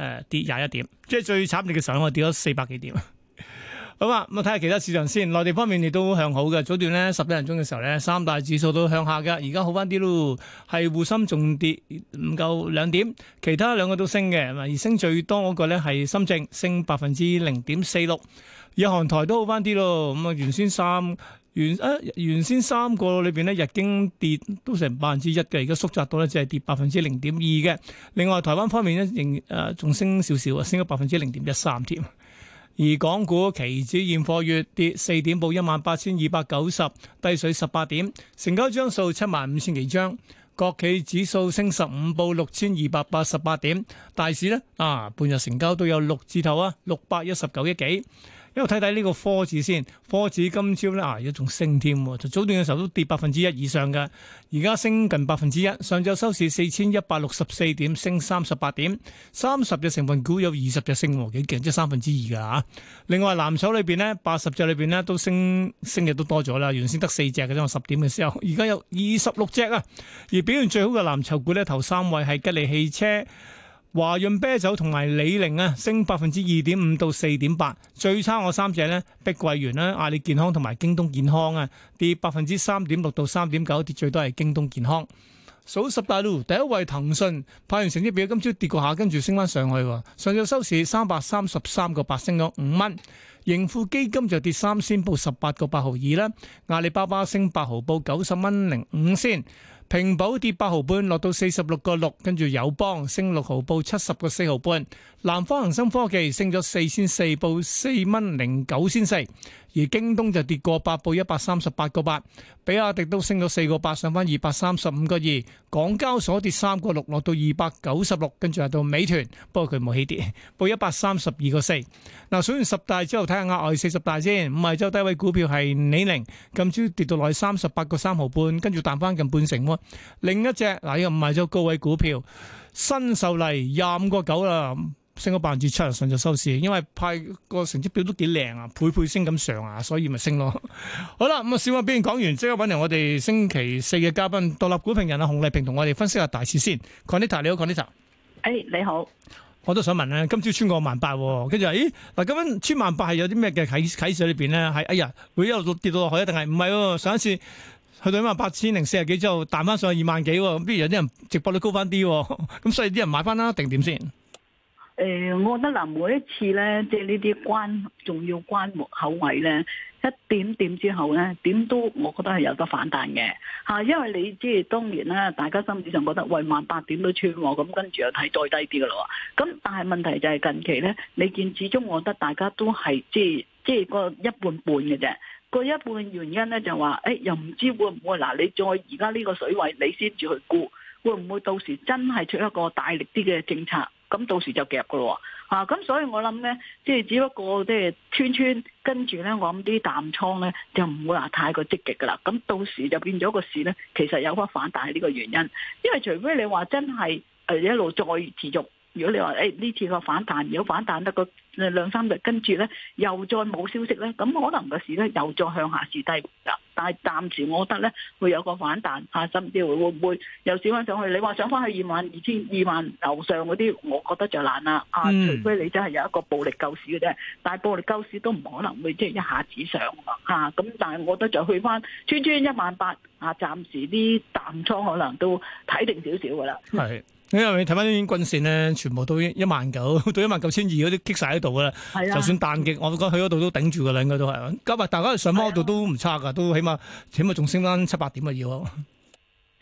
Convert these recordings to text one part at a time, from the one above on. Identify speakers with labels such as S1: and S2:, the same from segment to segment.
S1: 誒、呃，跌廿一點，即係最慘烈嘅時候，我跌咗四百幾點。 好啊，咁啊睇下其他市場先。內地方面亦都向好嘅，早段呢，十幾分鐘嘅時候呢，三大指數都向下嘅，而家好翻啲咯，係滬深仲跌唔夠兩點，其他兩個都升嘅。而升最多嗰個咧係深證，升百分之零點四六，日韓台都好翻啲咯。咁、嗯、啊，原先三。原啊，原先三個裏邊咧，日經跌都成百分之一嘅，而家縮窄到咧只係跌百分之零點二嘅。另外，台灣方面咧，仍誒仲升少少啊，升咗百分之零點一三添。而港股期指現貨月跌四點，報一萬八千二百九十，低水十八點，成交張數七萬五千幾張。國企指數升十五，報六千二百八十八點。大市呢啊，半日成交都有六字頭啊，六百一十九億幾。因為睇睇呢個科字先，科字今朝咧啊，而家仲升添，就早段嘅時候都跌百分之一以上嘅，而家升近百分之一。上晝收市四千一百六十四點，升三十八點，三十隻成分股有二十隻升，幾勁，即係三分之二噶吓。另外藍籌裏邊呢，八十隻裏邊呢都升，升嘅都多咗啦。原先得四隻嘅啫，我十點嘅時候，而家有二十六隻啊。而表現最好嘅藍籌股呢，頭三位係吉利汽車。華潤啤酒同埋李寧啊，升百分之二點五到四點八，最差我三隻呢。碧桂園啦、阿里健康同埋京東健康啊，跌百分之三點六到三點九，跌最多係京東健康。數十大路第一位騰訊派完成績表，今朝跌過下，跟住升翻上去。上晝收市三百三十三個八，升咗五蚊。盈富基金就跌三仙，報十八個八毫二啦。阿里巴巴升八毫，報九十蚊零五仙。平保跌八毫半，落到四十六個六，跟住友邦升六毫報七十個四毫半，南方恒生科技升咗四仙四，報四蚊零九仙四。而京東就跌過八，報一百三十八個八，比亞迪都升到四個八，上翻二百三十五個二。港交所跌三個六，落到二百九十六，跟住下到美團，不過佢冇起跌，報一百三十二個四。嗱，數完十大之後，睇下額外四十大先。五十週低位股票係李寧，今朝跌到落去三十八個三毫半，跟住彈翻近半成。另一隻嗱又十週高位股票，新秀麗廿五個九啦。升咗百分之七啊，順就收市，因為派個成績表都幾靚啊，倍倍升咁上啊，所以咪升咯。 好啦，咁啊小馬邊講完，即刻揾嚟我哋星期四嘅嘉賓獨立股評人啊，熊麗萍同我哋分析下大市先。Connie 你好 Connie 你好，哎、你好我都想問咧，今朝穿過萬八、哦，跟住話咦嗱，咁樣穿萬八係有啲咩嘅啓啓示喺裏邊咧？係哎呀，會一路跌到落去，定係唔係？上一次去到萬八千零四十幾之後彈翻上去二萬幾，不如有啲人值博率高翻啲、哦，咁所以啲人買翻啦，定點先？
S2: 誒、欸，我覺得嗱，每一次咧，即係呢啲關仲要關口位咧，一點點之後咧，點都我覺得係有得反彈嘅吓，因為你即係當然啦，大家心理上覺得喂，萬八點都穿喎，咁、嗯、跟住又睇再低啲噶啦，咁但係問題就係近期咧，你見始終，我覺得大家都係即係即係個一半半嘅啫，個一半原因咧就話，誒、欸，又唔知會唔會嗱，你再而家呢個水位你，你先至去估會唔會到時真係出一個大力啲嘅政策。咁到時就夾噶咯，啊，咁所以我諗咧，即係只不過即係圈圈跟住咧，我諗啲淡倉咧就唔會話太過積極噶啦，咁到時就變咗個市咧，其實有翻反彈係呢個原因，因為除非你話真係誒一路再持續。如果你話誒呢次個反彈，如果反彈得個兩兩三日，跟住咧又再冇消息咧，咁可能個市咧又再向下試低。但係暫時我覺得咧會有個反彈啊，甚至會會唔會又少翻上去？你話想翻去二萬二千二萬樓上嗰啲，我覺得就難啦、啊。除非你真係有一個暴力救市嘅啫，但係暴力救市都唔可能會即係、就是、一下子上啊。咁但係我覺得就去翻穿穿一萬八啊，暫時啲淡倉可能都睇定少少噶啦。
S1: 係。你因為睇翻啲均線咧，全部 19, 000, 19, 都一萬九到一萬九千二嗰啲，擊晒喺度噶啦。係啦，就算彈極，我覺得喺嗰度都頂住噶啦，應該都係。今日大家上摩度都唔差噶，啊、都起碼起碼仲升翻七八點啊要。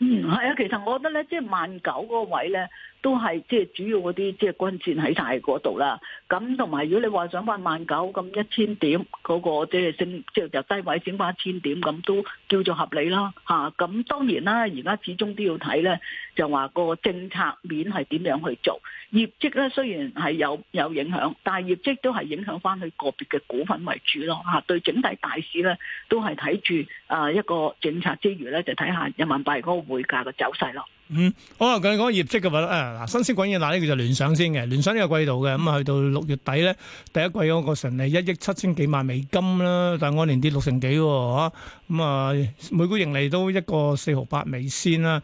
S1: 嗯，
S2: 係啊，其實我覺得咧，即係萬九嗰個位咧。都係即係主要嗰啲即係均線喺晒嗰度啦。咁同埋如果你話想翻萬九咁一千點嗰、那個即係升即係由低位升翻一千點咁都叫做合理啦。吓、啊、咁當然啦，而家始終都要睇咧，就話個政策面係點樣去做。業績咧雖然係有有影響，但係業績都係影響翻佢個別嘅股份為主咯。吓、啊、對整體大市咧都係睇住誒一個政策之餘咧，就睇下人民幣嗰個匯價嘅走勢咯。
S1: 嗯，我啊講講業績嘅話，誒，嗱，新鮮滾嘢，嗱，呢佢就聯想先嘅，聯想呢個季度嘅，咁、嗯、啊，去到六月底咧，第一季嗰個純利一億七千幾萬美金啦，但係按年跌六成幾，吓、啊，咁、嗯、啊，每股盈利都一個四毫八美先啦，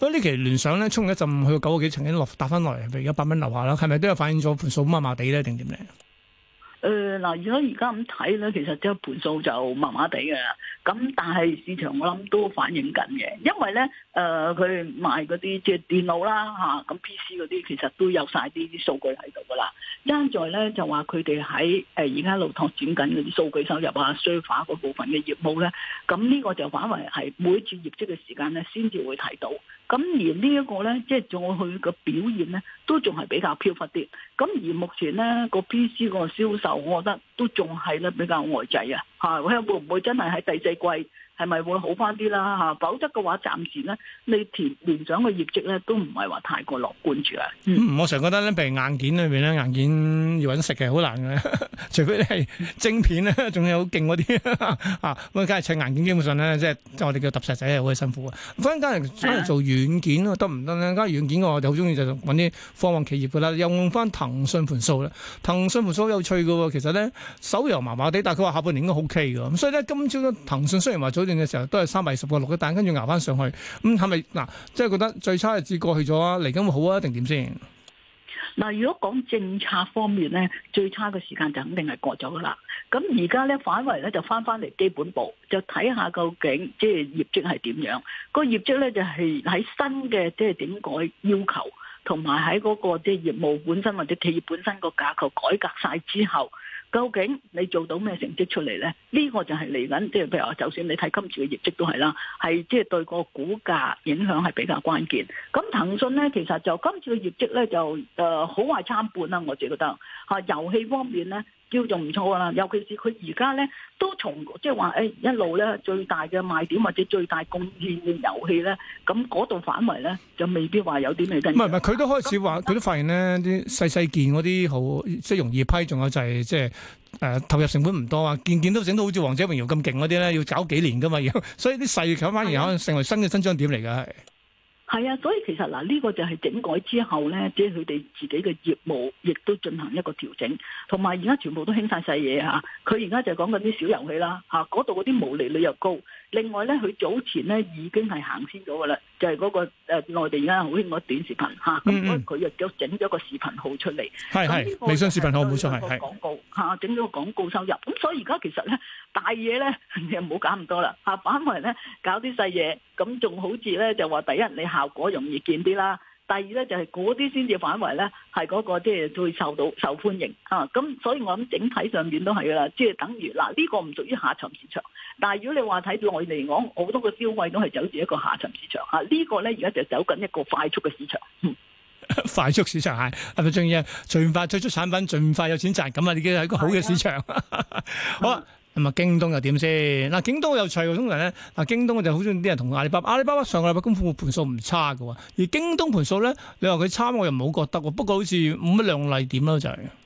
S1: 不、啊、以呢期聯想咧衝一陣去到九個幾，曾經落達翻落嚟，譬如一百蚊樓下啦，係咪都有反映咗盤數麻麻地咧，定點咧？
S2: 誒，嗱、呃，如果而家咁睇咧，其實即係盤數就麻麻地嘅啦。咁但係市場我諗都反映緊嘅，因為咧誒佢賣嗰啲即係電腦啦吓，咁 P C 嗰啲其實都有晒啲數據喺度噶啦。一在咧就話佢哋喺誒而家路拓展緊嗰啲數據收入啊 s 化嗰部分嘅業務咧，咁呢個就反為係每一次業績嘅時間咧先至會提到。咁而呢一個咧，即係仲佢個表現咧，都仲係比較飄忽啲。咁而目前咧個 P C 個銷售，我覺得都仲係咧比較呆滯啊！嚇，會唔會真係喺第四季？係咪
S1: 會好翻啲啦嚇？否則嘅話，暫時咧，你聯聯想嘅業績咧都唔係話太過樂觀住啊。我成日覺得咧，譬如硬件裏邊咧，硬件要揾食嘅好難嘅，除非你係晶片咧，仲有好勁嗰啲啊。咁梗係砌硬件基本上咧，即係即係我哋叫揼石仔啊，好辛苦啊。反而間人反而做軟件咯，得唔得咧？間軟件我哋好中意，就揾啲科幻企業噶啦，又用翻騰訊盤數啦，騰訊盤數有趣嘅喎。其實咧，手遊麻麻地，但係佢話下半年應該 OK 嘅。咁所以咧，今朝咧騰訊雖然話早。嘅時候都係三百二十個六嘅，但跟住熬翻上去，咁係咪嗱，即係覺得最差日子過去咗啊？嚟緊會好啊？定點先？
S2: 嗱，如果講政策方面咧，最差嘅時間就肯定係過咗噶啦。咁而家咧，反為咧就翻翻嚟基本部，就睇下究竟即係業績係點樣。個業績咧就係喺新嘅即係點改要求，同埋喺嗰個即係業務本身或者企業本身個架構改革晒之後。究竟你做到咩成績出嚟咧？呢、呢個就係嚟緊，即係譬如話，就算你睇今次嘅業績都係啦，係即係對個股價影響係比較關鍵。咁騰訊咧，其實就今次嘅業績咧，就誒好壞參半啦，我自己覺得吓、啊、遊戲方面咧。叫就唔錯啦，尤其是佢而家咧都從即係話誒一路咧最大嘅賣點或者最大貢獻嘅遊戲咧，咁嗰度反圍咧就未必話有啲咩跟。唔係
S1: 唔係，佢都開始話，佢都發現咧啲細細件嗰啲好即係容易批，仲有就係即係誒投入成本唔多啊，件件都整到好似王者榮耀咁勁嗰啲咧，要搞幾年噶嘛，要所以啲細嘅反而可能成為新嘅新張點嚟噶係
S2: 係啊，所以其實嗱，呢個就係整改之後咧，即係佢哋自己嘅業務亦都進行一個調整，同埋而家全部都興晒細嘢嚇，佢而家就係講緊啲小遊戲啦吓，嗰度嗰啲毛利率又高。另外咧，佢早前咧已經係行先咗嘅啦，就係、是、嗰、那個誒、呃、內地而家好興嗰短視頻嚇，咁佢又亦整咗個視頻號出嚟，係係是。微信視頻號冇錯係，係廣告嚇，整咗個廣告收入。咁、啊嗯、所以而家其實咧大嘢咧，你又唔好搞咁多啦嚇，反為咧搞啲細嘢，咁仲好似咧就話第一你效果容易見啲啦。第二咧就係嗰啲先至範圍咧，係嗰個即係會受到受歡迎啊！咁所以我諗整體上面都係噶啦，即係等於嗱呢個唔屬於下沉市場，但係如果你話睇內地嚟講，好多個消費都係走住一個下沉市場啊！呢個咧而家就走緊一個快速嘅市場，
S1: 快速市場係係咪仲要儘快推出產品，儘快有錢賺咁啊？已經係一個好嘅市場，啊、 好、嗯咁啊，京東又點先？嗱，京東又齊通常咧，嗱，京東我就好中意啲人同阿里巴巴。阿里巴巴上個禮拜公佈盤數唔差嘅喎，而京東盤數咧，你話佢差我又唔係好覺得喎。不過好似冇乜亮麗點咯，就是，就係。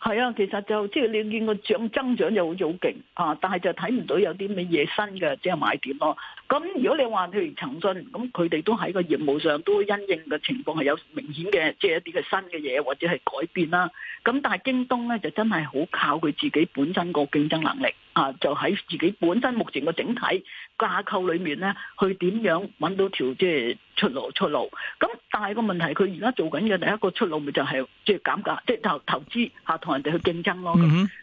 S2: 係啊，其實就即係你見個漲增長就好好勁啊，但係就睇唔到有啲咩嘢新嘅即係買點咯。咁如果你話譬如騰訊，咁佢哋都喺個業務上都因應嘅情況係有明顯嘅，即係一啲嘅新嘅嘢或者係改變啦。咁但係京東咧就真係好靠佢自己本身個競爭能力啊，就喺自己本身目前個整體架構裏面咧，去點樣搵到條即係。出路出路，咁，但係個問題，佢而家做緊嘅第一個出路咪就係即係減價，即係投投資吓，同人哋去競爭咯。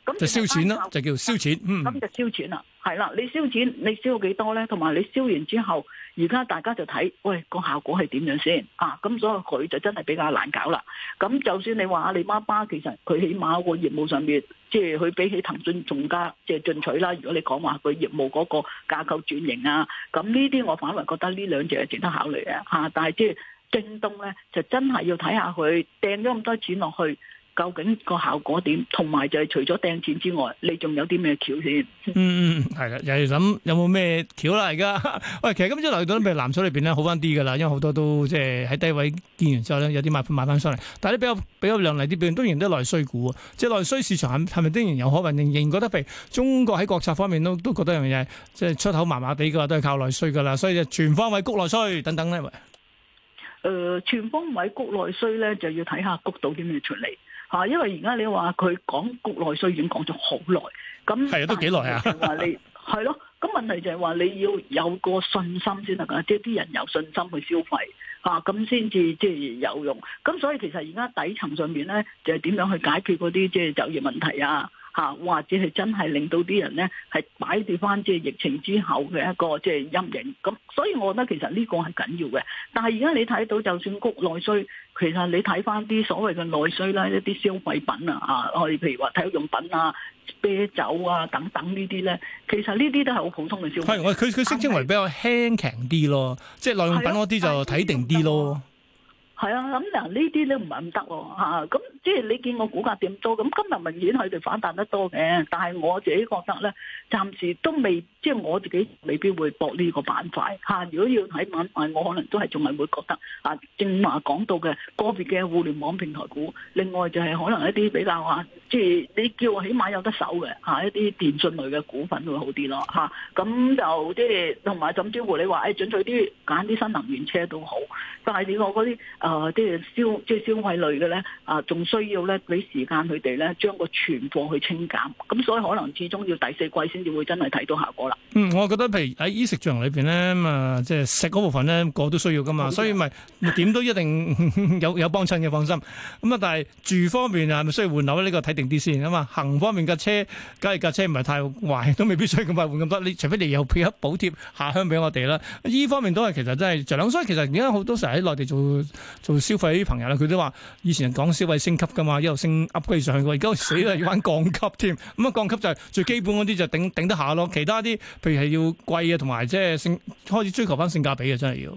S1: 咁就燒錢咯，就叫燒錢。
S2: 咁就燒錢啦，係啦，你燒錢，你燒幾多咧？同埋你燒完之後，而家大家就睇，喂個效果係點樣先啊？咁所以佢就真係比較難搞啦。咁就算你話阿里巴巴，其實佢起碼個業務上面，即係佢比起騰訊仲加即係進取啦。如果你講話佢業務嗰個架構轉型啊，咁呢啲我反為覺得呢兩隻係值得考慮啊。吓，但係即係京東咧，就真係要睇下佢掟咗咁多錢落去。究竟個
S1: 效果點？同埋就係除咗掟錢之外，你仲有啲咩橋先？嗯嗯，係啦，又係諗有冇咩橋啦？而家喂，其實咁即係嚟到譬如藍籌裏邊咧，好翻啲噶啦，因為好多都即係喺低位見完之後咧，有啲買盤買翻上嚟。但係咧比較比較量嚟啲，畢竟當然都係內需股，即係內需市場係咪仍然有可運？仍然覺得譬如中國喺國策方面都都覺得樣嘢，即係出口麻麻地嘅話都係靠內需噶啦，所以就全方位谷內需等等咧。誒，全
S2: 方位谷內需咧就要睇下谷到啲咩出嚟。啊！因為而家你話佢講國內衰退講咗好耐，咁係啊，都幾耐啊？話你係咯，咁問題就係話你要有個信心先得㗎，即係啲人有信心去消費啊，咁先至即係有用。咁所以其實而家底層上面咧，就係、是、點樣去解決嗰啲即係就業問題啊？嚇，或者係真係令到啲人咧係擺住翻即係疫情之後嘅一個即係陰影。咁所以我覺得其實呢個係緊要嘅。但係而家你睇到，就算谷內需，其實你睇翻啲所謂嘅內需啦，一啲消費品啊，啊，我譬如話體育用品啊、啤酒啊等等呢啲咧，其實呢啲都係好普通嘅消費品。係，佢佢
S1: 佢稱之為比較輕強啲咯，是即係內用品嗰啲就睇定啲咯。
S2: 係啊，咁嗱呢啲咧唔係咁得喎嚇，咁。不行不行啊啊。即係你見我股價點多咁，今日明顯佢哋反彈得多嘅。但係我自己覺得咧，暫時都未即係我自己未必會搏呢個板塊嚇。如果要睇板塊，我可能都係仲係會覺得啊，正話講到嘅個別嘅互聯網平台股，另外就係可能一啲比較話、啊，即係你叫我起碼有得守嘅嚇，一啲電信類嘅股份會好啲咯嚇。咁、啊、就即係同埋甚至乎你話誒，準許啲揀啲新能源車都好，但係你我嗰啲誒即係消即係消費類嘅咧啊，仲。需要咧俾時間佢
S1: 哋咧，將個存貨去清減，咁所以可能始終要第四季先至會真係睇到效果啦。嗯，我覺得譬如喺衣食住行裏邊咧，咁啊即係食嗰部分咧，個都需要噶嘛，所以咪咪點都一定有有幫襯嘅，放心。咁啊，但係住方面啊，係咪需要換樓咧，呢個睇定啲先啊嘛。行方面，架車，梗係架車唔係太壞，都未必需要咁快換咁多。你除非你有配合補貼下鄉俾我哋啦。依方面都係其實真係，就兩所以其實而家好多時候喺內地做做消費啲朋友啦，佢都話以前講消費升級。噶嘛，又升 upgrade 上去，而家死啦，要玩降級添。咁啊降級就係最基本嗰啲就頂頂得下咯，其他啲譬如係要貴啊，同埋即係性開始追求翻性價比嘅，真係要。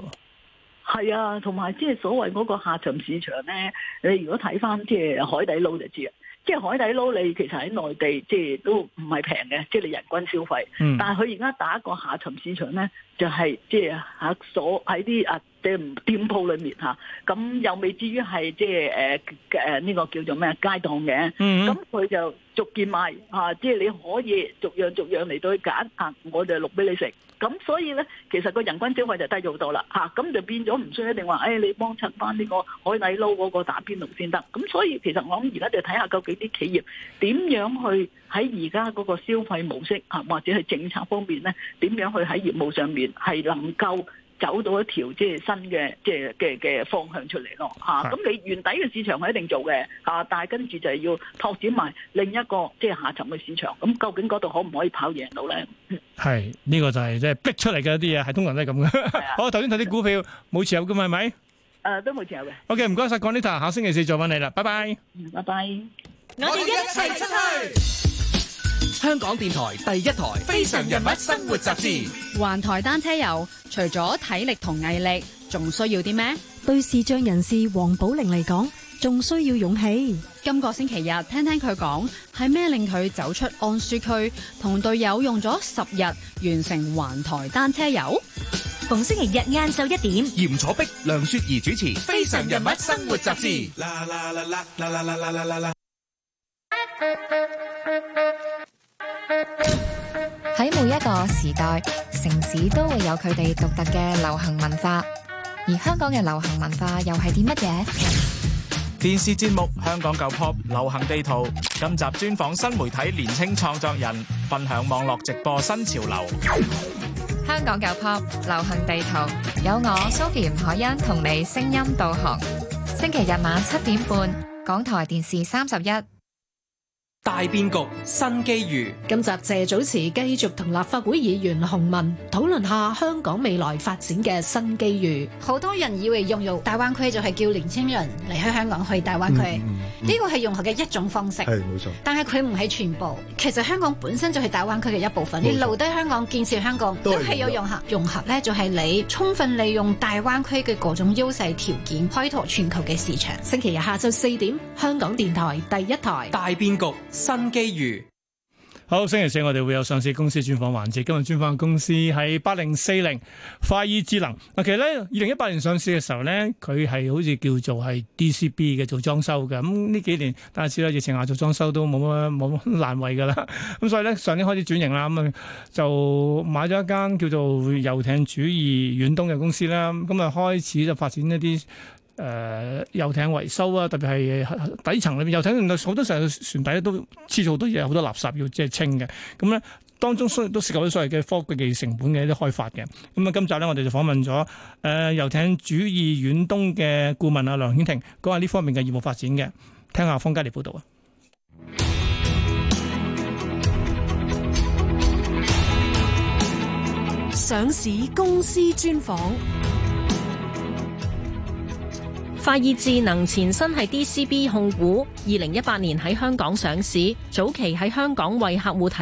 S2: 係啊，同埋即係所謂嗰個下沉市場咧，你如果睇翻即係海底撈就知，即係海底撈你其實喺內地即係都唔係平嘅，即係你人均消費。嗯。但係佢而家打個下沉市場咧，就係即係吓所喺啲啊。即係店鋪裏面吓，咁、啊、又未至於係即係誒誒呢個叫做咩街檔嘅，咁、啊、佢就逐件賣吓，即、啊、係、就是、你可以逐樣逐樣嚟到去揀吓，我就錄俾你食。咁、啊、所以咧，其實個人均消費就低咗好多啦吓，咁、啊啊、就變咗唔需要一定話，誒、哎、你幫襯翻呢個海底撈嗰個打邊爐先得。咁、啊、所以其實我諗而家就睇下究竟啲企業點樣去喺而家嗰個消費模式吓、啊，或者係政策方面咧，點樣去喺業務上面係能夠。走到一條即係新嘅即係嘅嘅方向出嚟咯嚇，咁你原底嘅市場係一定做嘅嚇，但係跟住就係要拓展埋另一個即係下層嘅市場，咁究竟嗰度可唔可以跑贏到咧？
S1: 係呢個就係即係逼出嚟嘅一啲嘢，係通常都係咁嘅。好，頭先睇啲股票冇持有嘅咪咪？
S2: 誒都冇持
S1: 有嘅。OK，唔該晒，講呢頭，下星期四再揾你啦，拜拜。嗯，拜拜。
S2: 我哋一齊出去。
S1: 香港電台第一台《非常人
S2: 物生活雜誌》環台單車遊，除咗體力同毅力，仲需要啲咩？對視障人士黃寶玲嚟講，仲需要勇氣。今個星期日，聽聽佢講係咩令佢走出安舒區，同隊友用咗十日完成環台單車遊。逢星期日晏晝一點，嚴楚碧、梁雪兒主持《非常人物生活雜誌》。喺每一個時代，城市都會有佢哋獨特嘅流行文化。而香港嘅流行文化又係啲乜嘢？
S1: 電視節目《香港舊 Pop 流行地圖》今集專訪新媒體年輕創作人，分享網絡直播新潮流。
S2: 香港舊 Pop 流行地圖有我 Sophie、吳海欣同你聲音導航。星期日晚七點半，港台電視三十一。
S1: 大變局，新機遇。
S2: 今集謝祖祠繼續同立法會議員洪文討論下香港未來發展嘅新機遇。好多人以為融入大灣區就係叫年青人離開香港去大灣區，呢個係融合嘅一種方式。係冇錯，但係佢唔係全部。其實香港本身就係大灣區嘅一部分，錯你留低香港建設香港都係有融合。融合呢，就係你充分利用大灣區嘅各種優勢條件，開拓全球嘅市場。星期日下晝四點，香港電台第一
S1: 台大變局。新機遇，好，星期四我哋會有上市公司專訪環節。今日專訪嘅公司係八零四零快意智能。嗱，其實咧二零一八年上市嘅時候咧，佢係好似叫做係 DCB 嘅做裝修嘅。咁、嗯、呢幾年，但係咧疫情下做裝修都冇乜冇難為噶啦。咁、嗯、所以咧上年開始轉型啦，咁、嗯、啊就買咗一間叫做遊艇主義遠東嘅公司啦。咁、嗯、啊開始就發展一啲。誒遊、呃、艇維修啊，特別係底層裏面遊艇，好多時候船底都次數都有好多垃圾要即係清嘅。咁、嗯、咧當中都涉及咗所謂嘅科技成本嘅一啲開發嘅。咁、嗯、啊，今集咧我哋就訪問咗誒遊艇主義遠東嘅顧問阿、啊、梁軒庭，講下呢方面嘅業務發展嘅。聽下方家烈報道啊！
S2: 上市公司專訪。快意智能前身係 DCB 控股，二零一八年喺香港上市，早期喺香港為客戶提。